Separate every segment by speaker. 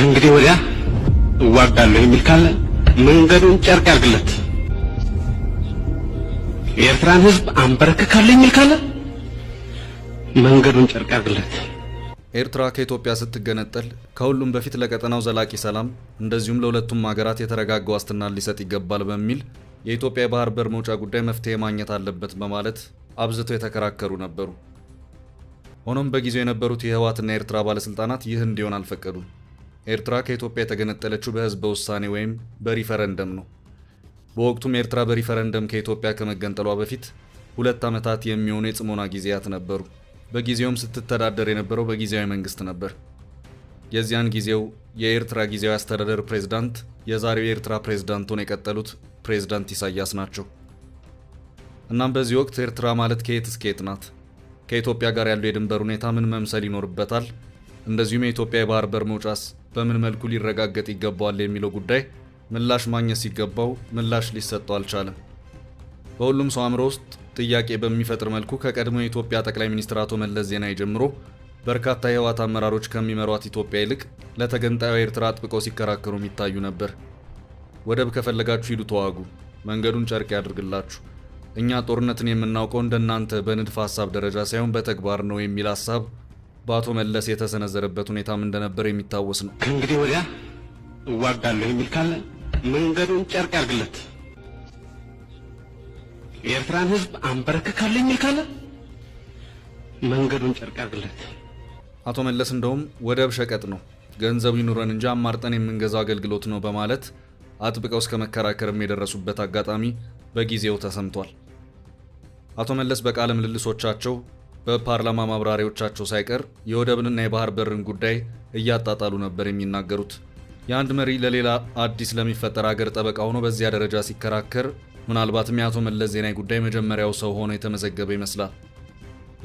Speaker 1: ከእንግዲህ ወዲያ እዋጋለሁ የሚል ካለ መንገዱን ጨርቅ ያርግለት። የኤርትራን ሕዝብ አንበረክካለሁ የሚል ካለ መንገዱን ጨርቅ ያርግለት።
Speaker 2: ኤርትራ ከኢትዮጵያ ስትገነጠል ከሁሉም በፊት ለቀጠናው ዘላቂ ሰላም እንደዚሁም ለሁለቱም ሀገራት የተረጋጋ ዋስትና ሊሰጥ ይገባል በሚል የኢትዮጵያ የባህር በር መውጫ ጉዳይ መፍትሄ ማግኘት አለበት በማለት አብዝተው የተከራከሩ ነበሩ። ሆኖም በጊዜው የነበሩት የህወሓትና የኤርትራ ባለስልጣናት ይህ እንዲሆን አልፈቀዱም። ኤርትራ ከኢትዮጵያ የተገነጠለችው በህዝበ ውሳኔ ወይም በሪፈረንደም ነው። በወቅቱም ኤርትራ በሪፈረንደም ከኢትዮጵያ ከመገንጠሏ በፊት ሁለት ዓመታት የሚሆኑ የጽሞና ጊዜያት ነበሩ። በጊዜውም ስትተዳደር የነበረው በጊዜያዊ መንግስት ነበር። የዚያን ጊዜው የኤርትራ ጊዜያዊ አስተዳደር ፕሬዝዳንት የዛሬው የኤርትራ ፕሬዝዳንቱን የቀጠሉት ፕሬዝዳንት ኢሳያስ ናቸው። እናም በዚህ ወቅት ኤርትራ ማለት ከየት እስከ የት ናት? ከኢትዮጵያ ጋር ያለው የድንበር ሁኔታ ምን መምሰል ይኖርበታል? እንደዚሁም የኢትዮጵያ የባህር በር መውጫስ በምን መልኩ ሊረጋገጥ ይገባዋል የሚለው ጉዳይ ምላሽ ማግኘት ሲገባው ምላሽ ሊሰጠው አልቻለም። በሁሉም ሰው አእምሮ ውስጥ ጥያቄ በሚፈጥር መልኩ ከቀድሞ የኢትዮጵያ ጠቅላይ ሚኒስትር አቶ መለስ ዜናዊ ጀምሮ በርካታ የህወሓት አመራሮች ከሚመሯት ኢትዮጵያ ይልቅ ለተገንጣዩ ኤርትራ አጥብቀው ሲከራከሩ የሚታዩ ነበር። ወደብ ከፈለጋችሁ ሂዱ ተዋጉ፣ መንገዱን ጨርቅ ያድርግላችሁ፣ እኛ ጦርነትን የምናውቀው እንደናንተ በንድፈ ሀሳብ ደረጃ ሳይሆን በተግባር ነው የሚል ሀሳብ በአቶ መለስ የተሰነዘረበት ሁኔታም እንደነበር የሚታወስ ነው።
Speaker 1: ከእንግዲህ ወዲያ እዋጋለሁ የሚል ካለ መንገዱን ጨርቅ ያርግለት። የኤርትራን ሕዝብ አንበረክካለሁ የሚል ካለ መንገዱን ጨርቅ ያርግለት።
Speaker 2: አቶ መለስ እንደውም ወደብ ሸቀጥ ነው፣ ገንዘብ ይኑረን እንጂ አማርጠን የምንገዛው አገልግሎት ነው በማለት አጥብቀው እስከ መከራከርም የደረሱበት አጋጣሚ በጊዜው ተሰምቷል። አቶ መለስ በቃለ ምልልሶቻቸው በፓርላማ ማብራሪያዎቻቸው ሳይቀር የወደብንና የባህር በርን ጉዳይ እያጣጣሉ ነበር የሚናገሩት። የአንድ መሪ ለሌላ አዲስ ለሚፈጠር አገር ጠበቃ ሆኖ በዚያ ደረጃ ሲከራከር ምናልባትም የአቶ መለስ ዜናዊ ጉዳይ መጀመሪያው ሰው ሆኖ የተመዘገበ ይመስላል።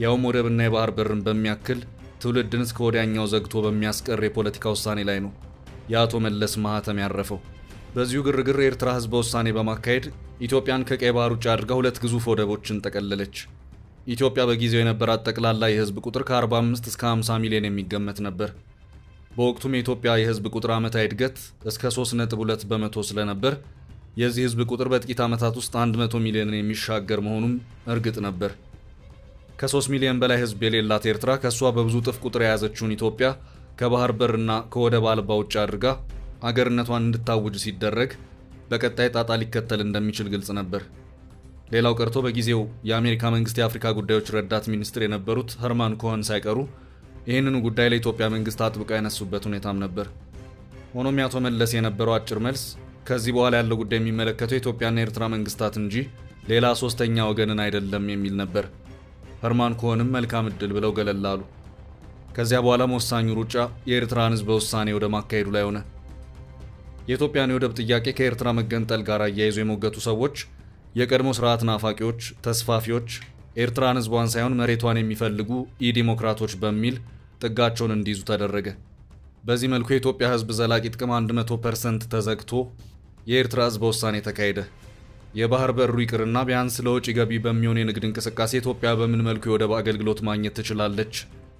Speaker 2: ያውም ወደብና የባህር በርን በሚያክል ትውልድን እስከ ወዲያኛው ዘግቶ በሚያስቀር የፖለቲካ ውሳኔ ላይ ነው የአቶ መለስ ማህተም ያረፈው። በዚሁ ግርግር የኤርትራ ህዝበ ውሳኔ በማካሄድ ኢትዮጵያን ከቀይ ባህር ውጭ አድርጋ ሁለት ግዙፍ ወደቦችን ጠቀለለች። ኢትዮጵያ በጊዜው የነበራት ጠቅላላ የህዝብ ቁጥር ከ45 እስከ 50 ሚሊዮን የሚገመት ነበር። በወቅቱም የኢትዮጵያ የህዝብ ቁጥር ዓመታዊ እድገት እስከ 3.2 በመቶ ስለነበር የዚህ ህዝብ ቁጥር በጥቂት ዓመታት ውስጥ 100 ሚሊዮንን የሚሻገር መሆኑም እርግጥ ነበር። ከ3 ሚሊዮን በላይ ህዝብ የሌላት ኤርትራ ከእሷ በብዙ ጥፍ ቁጥር የያዘችውን ኢትዮጵያ ከባህር በርና ከወደብ አልባ ውጭ አድርጋ አገርነቷን እንድታውጅ ሲደረግ በቀጣይ ጣጣ ሊከተል እንደሚችል ግልጽ ነበር። ሌላው ቀርቶ በጊዜው የአሜሪካ መንግስት የአፍሪካ ጉዳዮች ረዳት ሚኒስትር የነበሩት ኸርማን ኮሆን ሳይቀሩ ይህንኑ ጉዳይ ለኢትዮጵያ መንግስት አጥብቃ ያነሱበት ሁኔታም ነበር። ሆኖም የአቶ መለስ የነበረው አጭር መልስ ከዚህ በኋላ ያለው ጉዳይ የሚመለከተው የኢትዮጵያና የኤርትራ መንግስታት እንጂ ሌላ ሶስተኛ ወገንን አይደለም የሚል ነበር። ኸርማን ኮሆንም መልካም እድል ብለው ገለል አሉ። ከዚያ በኋላም ወሳኙ ሩጫ የኤርትራን ህዝብ በውሳኔ ወደ ማካሄዱ ላይ ሆነ። የኢትዮጵያን የወደብ ጥያቄ ከኤርትራ መገንጠል ጋር አያይዞ የሞገቱ ሰዎች የቀድሞ ስርዓት ናፋቂዎች፣ ተስፋፊዎች ኤርትራን ህዝቧን ሳይሆን መሬቷን የሚፈልጉ ኢዲሞክራቶች በሚል ጥጋቸውን እንዲይዙ ተደረገ። በዚህ መልኩ የኢትዮጵያ ህዝብ ዘላቂ ጥቅም 100 ፐርሰንት ተዘግቶ የኤርትራ ህዝበ ውሳኔ ተካሄደ። የባህር በሩ ይቅርና ቢያንስ ለውጭ ገቢ በሚሆን የንግድ እንቅስቃሴ ኢትዮጵያ በምን መልኩ የወደብ አገልግሎት ማግኘት ትችላለች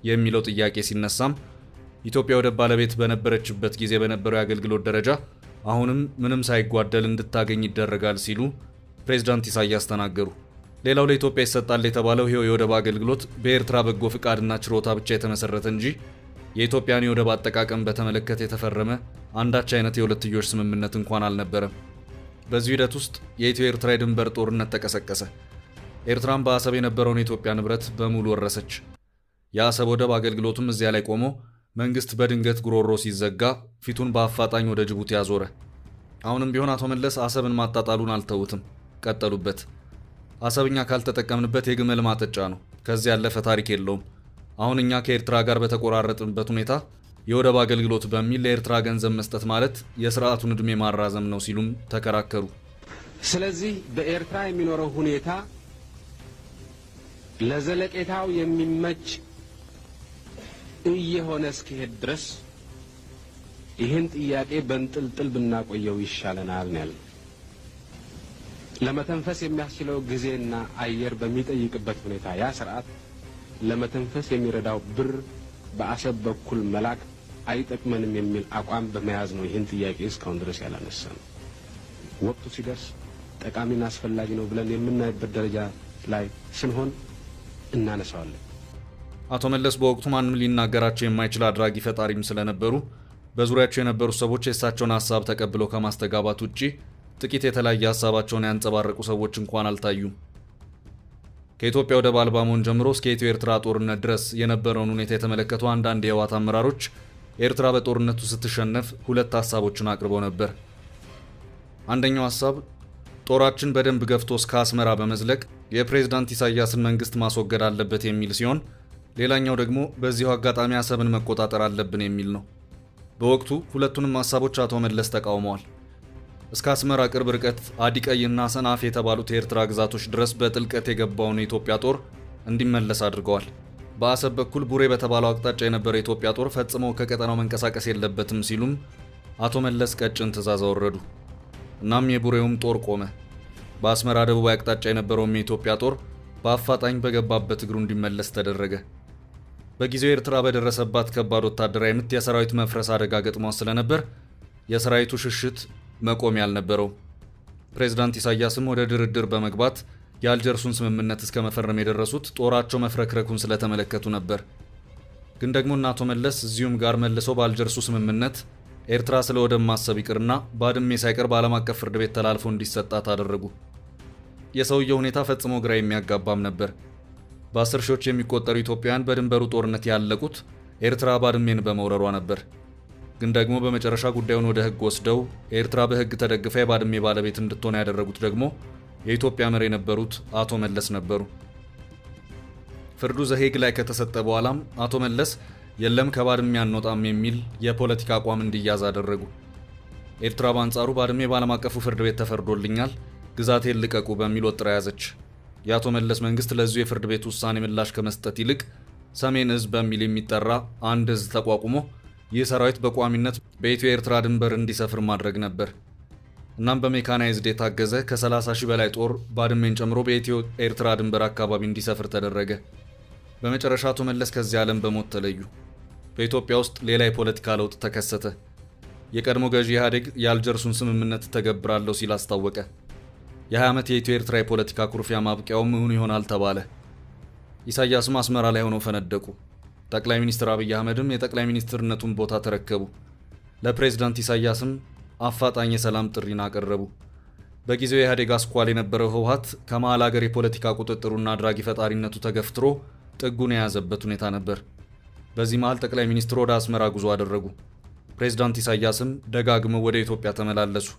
Speaker 2: የሚለው ጥያቄ ሲነሳም ኢትዮጵያ ወደብ ባለቤት በነበረችበት ጊዜ በነበረው የአገልግሎት ደረጃ አሁንም ምንም ሳይጓደል እንድታገኝ ይደረጋል ሲሉ ፕሬዝዳንት ኢሳያስ ተናገሩ። ሌላው ለኢትዮጵያ ይሰጣል የተባለው ይኸው የወደብ አገልግሎት በኤርትራ በጎ ፍቃድና ችሮታ ብቻ የተመሰረተ እንጂ የኢትዮጵያን የወደብ አጠቃቀም በተመለከተ የተፈረመ አንዳች አይነት የሁለትዮሽ ስምምነት እንኳን አልነበረም። በዚህ ሂደት ውስጥ የኢትዮ ኤርትራ የድንበር ጦርነት ተቀሰቀሰ። ኤርትራም በአሰብ የነበረውን የኢትዮጵያ ንብረት በሙሉ ወረሰች። የአሰብ ወደብ አገልግሎቱም እዚያ ላይ ቆሞ መንግስት በድንገት ጉሮሮ ሲዘጋ ፊቱን በአፋጣኝ ወደ ጅቡቲ አዞረ። አሁንም ቢሆን አቶ መለስ አሰብን ማጣጣሉን አልተውትም። ቀጠሉበት። አሰብኛ ካልተጠቀምንበት የግመል ማጠጫ ነው። ከዚህ ያለፈ ታሪክ የለውም። አሁን እኛ ከኤርትራ ጋር በተቆራረጥንበት ሁኔታ የወደብ አገልግሎት በሚል ለኤርትራ ገንዘብ መስጠት ማለት የስርዓቱን ዕድሜ ማራዘም ነው ሲሉም ተከራከሩ።
Speaker 1: ስለዚህ በኤርትራ የሚኖረው ሁኔታ ለዘለቄታው የሚመች እየሆነ እስኪሄድ ድረስ ይህን ጥያቄ በንጥልጥል ብናቆየው ይሻለናል ነው ያለው። ለመተንፈስ የሚያስችለው ጊዜና አየር በሚጠይቅበት ሁኔታ ያ ስርዓት ለመተንፈስ የሚረዳው ብር በአሰብ በኩል መላክ አይጠቅመንም የሚል አቋም በመያዝ ነው ይህን ጥያቄ እስካሁን ድረስ ያላነሳ ነው። ወቅቱ ሲደርስ ጠቃሚና አስፈላጊ ነው ብለን የምናይበት ደረጃ ላይ ስንሆን እናነሳዋለን።
Speaker 2: አቶ መለስ በወቅቱ ማንም ሊናገራቸው የማይችል አድራጊ ፈጣሪም ስለነበሩ በዙሪያቸው የነበሩ ሰዎች የእሳቸውን ሀሳብ ተቀብለው ከማስተጋባት ውጪ ጥቂት የተለያየ ሀሳባቸውን ያንጸባረቁ ሰዎች እንኳን አልታዩም። ከኢትዮጵያ ወደብ አልባ ጀምሮ እስከ ኢትዮ ኤርትራ ጦርነት ድረስ የነበረውን ሁኔታ የተመለከቱ አንዳንድ የህወሓት አመራሮች ኤርትራ በጦርነቱ ስትሸነፍ ሁለት ሀሳቦችን አቅርበው ነበር። አንደኛው ሀሳብ ጦራችን በደንብ ገፍቶ እስከ አስመራ በመዝለቅ የፕሬዝዳንት ኢሳያስን መንግስት ማስወገድ አለበት የሚል ሲሆን፣ ሌላኛው ደግሞ በዚሁ አጋጣሚ አሰብን መቆጣጠር አለብን የሚል ነው። በወቅቱ ሁለቱንም ሀሳቦች አቶ መለስ ተቃውመዋል። እስከ አስመራ ቅርብ ርቀት አዲቀይና ሰናፍ የተባሉት የኤርትራ ግዛቶች ድረስ በጥልቀት የገባውን የኢትዮጵያ ጦር እንዲመለስ አድርገዋል። በአሰብ በኩል ቡሬ በተባለው አቅጣጫ የነበረ የኢትዮጵያ ጦር ፈጽሞ ከቀጠናው መንቀሳቀስ የለበትም ሲሉም አቶ መለስ ቀጭን ትዕዛዝ አወረዱ። እናም የቡሬውም ጦር ቆመ። በአስመራ ደቡባዊ አቅጣጫ የነበረውም የኢትዮጵያ ጦር በአፋጣኝ በገባበት እግሩ እንዲመለስ ተደረገ። በጊዜው ኤርትራ በደረሰባት ከባድ ወታደራዊ ምት የሰራዊት መፍረስ አደጋ ገጥሟ ስለነበር የሰራዊቱ ሽሽት መቆሚያ አልነበረው። ፕሬዝዳንት ኢሳያስም ወደ ድርድር በመግባት የአልጀርሱን ስምምነት እስከ መፈረም የደረሱት ጦራቸው መፍረክረኩን ስለተመለከቱ ነበር። ግን ደግሞ እነ አቶ መለስ እዚሁም ጋር መልሰው በአልጀርሱ ስምምነት ኤርትራ ስለ ወደብ ማሰብ ይቅርና ባድሜ ሳይቀር በዓለም አቀፍ ፍርድ ቤት ተላልፎ እንዲሰጣት አደረጉ። የሰውየው ሁኔታ ፈጽሞ ግራ የሚያጋባም ነበር። በአስር ሺዎች የሚቆጠሩ ኢትዮጵያውያን በድንበሩ ጦርነት ያለቁት ኤርትራ ባድሜን በመውረሯ ነበር። ግን ደግሞ በመጨረሻ ጉዳዩን ወደ ህግ ወስደው ኤርትራ በህግ ተደግፈ የባድሜ ባለቤት እንድትሆን ያደረጉት ደግሞ የኢትዮጵያ መሪ የነበሩት አቶ መለስ ነበሩ። ፍርዱ ዘሄግ ላይ ከተሰጠ በኋላም አቶ መለስ የለም ከባድሜ አንወጣም የሚል የፖለቲካ አቋም እንዲያዝ አደረጉ። ኤርትራ በአንጻሩ ባድሜ በዓለም አቀፉ ፍርድ ቤት ተፈርዶልኛል፣ ግዛቴን ልቀቁ በሚል ወጥራ ያዘች። የአቶ መለስ መንግስት ለዚሁ የፍርድ ቤት ውሳኔ ምላሽ ከመስጠት ይልቅ ሰሜን እዝ በሚል የሚጠራ አንድ እዝ ተቋቁሞ ይህ ሰራዊት በቋሚነት በኢትዮ ኤርትራ ድንበር እንዲሰፍር ማድረግ ነበር። እናም በሜካናይዝድ የታገዘ ከ30 ሺህ በላይ ጦር ባድሜን ጨምሮ በኢትዮ ኤርትራ ድንበር አካባቢ እንዲሰፍር ተደረገ። በመጨረሻ አቶ መለስ ከዚህ ዓለም በሞት ተለዩ። በኢትዮጵያ ውስጥ ሌላ የፖለቲካ ለውጥ ተከሰተ። የቀድሞ ገዢ ኢህአዴግ የአልጀርሱን ስምምነት ተገብራለሁ ሲል አስታወቀ። የ20 ዓመት የኢትዮ ኤርትራ የፖለቲካ ኩርፊያ ማብቂያውም እውን ይሆናል ተባለ። ኢሳያስም አስመራ ላይ ሆነው ፈነደቁ። ጠቅላይ ሚኒስትር አብይ አህመድም የጠቅላይ ሚኒስትርነቱን ቦታ ተረከቡ። ለፕሬዝዳንት ኢሳያስም አፋጣኝ የሰላም ጥሪን አቀረቡ። በጊዜው የኢህአዴግ አስኳል የነበረው ህወሀት ከመሃል አገር የፖለቲካ ቁጥጥሩና አድራጊ ፈጣሪነቱ ተገፍትሮ ጥጉን የያዘበት ሁኔታ ነበር። በዚህ መሃል ጠቅላይ ሚኒስትሩ ወደ አስመራ ጉዞ አደረጉ። ፕሬዝዳንት ኢሳያስም ደጋግመው ወደ ኢትዮጵያ ተመላለሱ።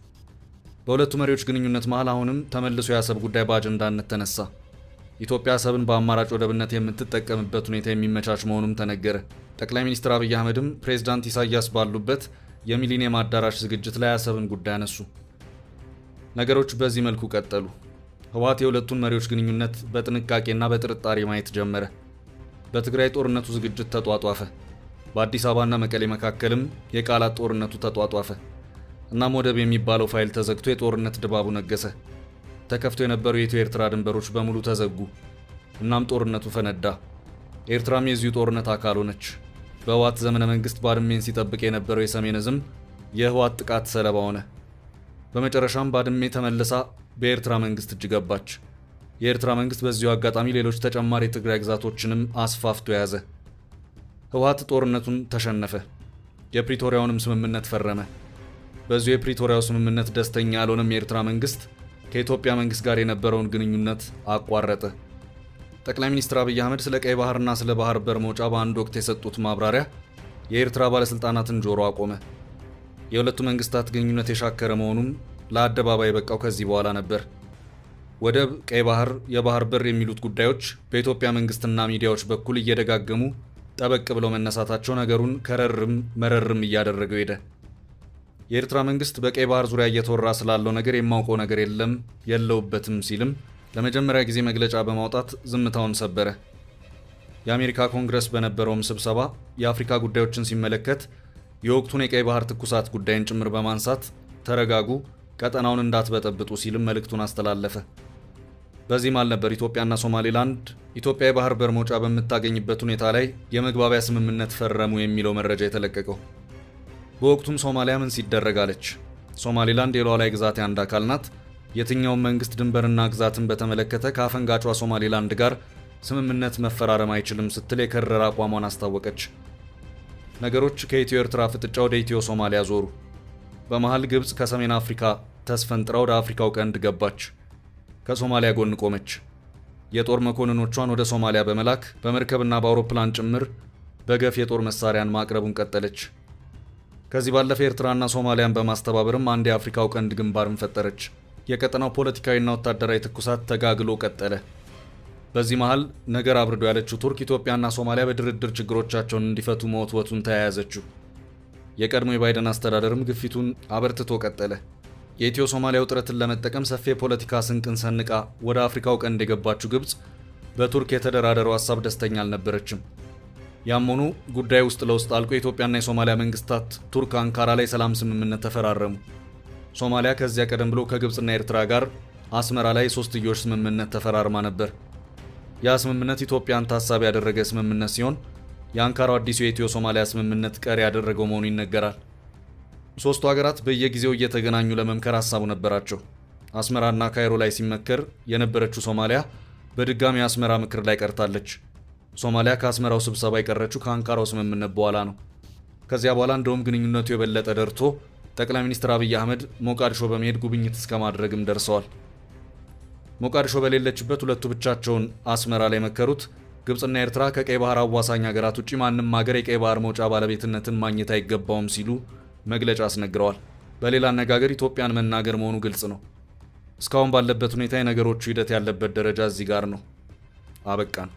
Speaker 2: በሁለቱ መሪዎች ግንኙነት መሃል አሁንም ተመልሶ የአሰብ ጉዳይ በአጀንዳነት ተነሳ። ኢትዮጵያ አሰብን በአማራጭ ወደብነት የምትጠቀምበት ሁኔታ የሚመቻች መሆኑም ተነገረ። ጠቅላይ ሚኒስትር አብይ አህመድም ፕሬዝዳንት ኢሳያስ ባሉበት የሚሊኒየም አዳራሽ ዝግጅት ላይ አሰብን ጉዳይ አነሱ። ነገሮች በዚህ መልኩ ቀጠሉ። ህወሓት የሁለቱን መሪዎች ግንኙነት በጥንቃቄና በጥርጣሬ ማየት ጀመረ። በትግራይ ጦርነቱ ዝግጅት ተጧጧፈ። በአዲስ አበባና መቀሌ መካከልም የቃላት ጦርነቱ ተጧጧፈ። እናም ወደብ የሚባለው ፋይል ተዘግቶ የጦርነት ድባቡ ነገሰ። ተከፍቶ የነበሩ የኢትዮ ኤርትራ ድንበሮች በሙሉ ተዘጉ። እናም ጦርነቱ ፈነዳ። ኤርትራም የዚሁ ጦርነት አካል ሆነች። በህወሓት ዘመነ መንግስት ባድሜን ሲጠብቅ የነበረው የሰሜን ዝም የህወሓት ጥቃት ሰለባ ሆነ። በመጨረሻም ባድሜ ተመልሳ በኤርትራ መንግስት እጅ ገባች። የኤርትራ መንግስት በዚሁ አጋጣሚ ሌሎች ተጨማሪ የትግራይ ግዛቶችንም አስፋፍቶ ያዘ ህወሓት ጦርነቱን ተሸነፈ። የፕሪቶሪያውንም ስምምነት ፈረመ። በዚሁ የፕሪቶሪያው ስምምነት ደስተኛ ያልሆነም የኤርትራ መንግስት ከኢትዮጵያ መንግስት ጋር የነበረውን ግንኙነት አቋረጠ። ጠቅላይ ሚኒስትር አብይ አህመድ ስለ ቀይ ባህርና ስለ ባህር በር መውጫ በአንድ ወቅት የሰጡት ማብራሪያ የኤርትራ ባለሥልጣናትን ጆሮ አቆመ። የሁለቱ መንግስታት ግንኙነት የሻከረ መሆኑም ለአደባባይ በቃው ከዚህ በኋላ ነበር። ወደብ፣ ቀይ ባህር፣ የባህር በር የሚሉት ጉዳዮች በኢትዮጵያ መንግስትና ሚዲያዎች በኩል እየደጋገሙ ጠበቅ ብለው መነሳታቸው ነገሩን ከረርም መረርም እያደረገው ሄደ። የኤርትራ መንግስት በቀይ ባህር ዙሪያ እየተወራ ስላለው ነገር የማውቀው ነገር የለም የለውበትም ሲልም ለመጀመሪያ ጊዜ መግለጫ በማውጣት ዝምታውን ሰበረ። የአሜሪካ ኮንግረስ በነበረውም ስብሰባ የአፍሪካ ጉዳዮችን ሲመለከት የወቅቱን የቀይ ባህር ትኩሳት ጉዳይን ጭምር በማንሳት ተረጋጉ፣ ቀጠናውን እንዳትበጠብጡ ሲልም መልእክቱን አስተላለፈ። በዚህም አልነበር ኢትዮጵያና ሶማሌላንድ ኢትዮጵያ የባህር በር መውጫ በምታገኝበት ሁኔታ ላይ የመግባቢያ ስምምነት ፈረሙ የሚለው መረጃ የተለቀቀው። በወቅቱም ሶማሊያ ምን ሲደረግ አለች? ሶማሊላንድ የሉዓላዊ ግዛት የአንድ አካል ናት። የትኛውም መንግስት ድንበርና ግዛትን በተመለከተ ከአፈንጋጯ ሶማሊላንድ ጋር ስምምነት መፈራረም አይችልም ስትል የከረረ አቋሟን አስታወቀች። ነገሮች ከኢትዮ ኤርትራ ፍጥጫ ወደ ኢትዮ ሶማሊያ ዞሩ። በመሃል ግብፅ ከሰሜን አፍሪካ ተስፈንጥራ ወደ አፍሪካው ቀንድ ገባች። ከሶማሊያ ጎን ቆመች። የጦር መኮንኖቿን ወደ ሶማሊያ በመላክ በመርከብና በአውሮፕላን ጭምር በገፍ የጦር መሳሪያን ማቅረቡን ቀጠለች። ከዚህ ባለፈ ኤርትራና ሶማሊያን በማስተባበርም አንድ የአፍሪካው ቀንድ ግንባርን ፈጠረች። የቀጠናው ፖለቲካዊና ወታደራዊ ትኩሳት ተጋግሎ ቀጠለ። በዚህ መሃል ነገር አብርዶ ያለችው ቱርክ ኢትዮጵያና ሶማሊያ በድርድር ችግሮቻቸውን እንዲፈቱ መወትወቱን ተያያዘችው። የቀድሞ የባይደን አስተዳደርም ግፊቱን አበርትቶ ቀጠለ። የኢትዮ ሶማሊያ ውጥረትን ለመጠቀም ሰፊ የፖለቲካ ስንቅን ሰንቃ ወደ አፍሪካው ቀንድ የገባችው ግብፅ በቱርክ የተደራደረው ሀሳብ ደስተኛ አልነበረችም። ያም ሆኖ ጉዳይ ውስጥ ለውስጥ አልቆ የኢትዮጵያና የሶማሊያ መንግስታት ቱርክ አንካራ ላይ ሰላም ስምምነት ተፈራረሙ። ሶማሊያ ከዚያ ቀደም ብሎ ከግብፅና ኤርትራ ጋር አስመራ ላይ የሶስትዮሽ ስምምነት ተፈራርማ ነበር። ያ ስምምነት ኢትዮጵያን ታሳቢ ያደረገ ስምምነት ሲሆን የአንካራው አዲሱ የኢትዮ ሶማሊያ ስምምነት ቀሪ ያደረገው መሆኑ ይነገራል። ሶስቱ ሀገራት በየጊዜው እየተገናኙ ለመምከር ሀሳቡ ነበራቸው። አስመራና ካይሮ ላይ ሲመከር የነበረችው ሶማሊያ በድጋሚ የአስመራ ምክር ላይ ቀርታለች። ሶማሊያ ከአስመራው ስብሰባ የቀረችው ከአንካራው ስምምነት በኋላ ነው። ከዚያ በኋላ እንደውም ግንኙነቱ የበለጠ ደርቶ ጠቅላይ ሚኒስትር አብይ አህመድ ሞቃዲሾ በመሄድ ጉብኝት እስከ ማድረግም ደርሰዋል። ሞቃዲሾ በሌለችበት ሁለቱ ብቻቸውን አስመራ ላይ መከሩት። ግብፅና ኤርትራ ከቀይ ባህር አዋሳኝ ሀገራት ውጭ ማንም ሀገር የቀይ ባህር መውጫ ባለቤትነትን ማግኘት አይገባውም ሲሉ መግለጫ አስነግረዋል። በሌላ አነጋገር ኢትዮጵያን መናገር መሆኑ ግልጽ ነው። እስካሁን ባለበት ሁኔታ የነገሮቹ ሂደት ያለበት ደረጃ እዚህ ጋር ነው። አበቃን።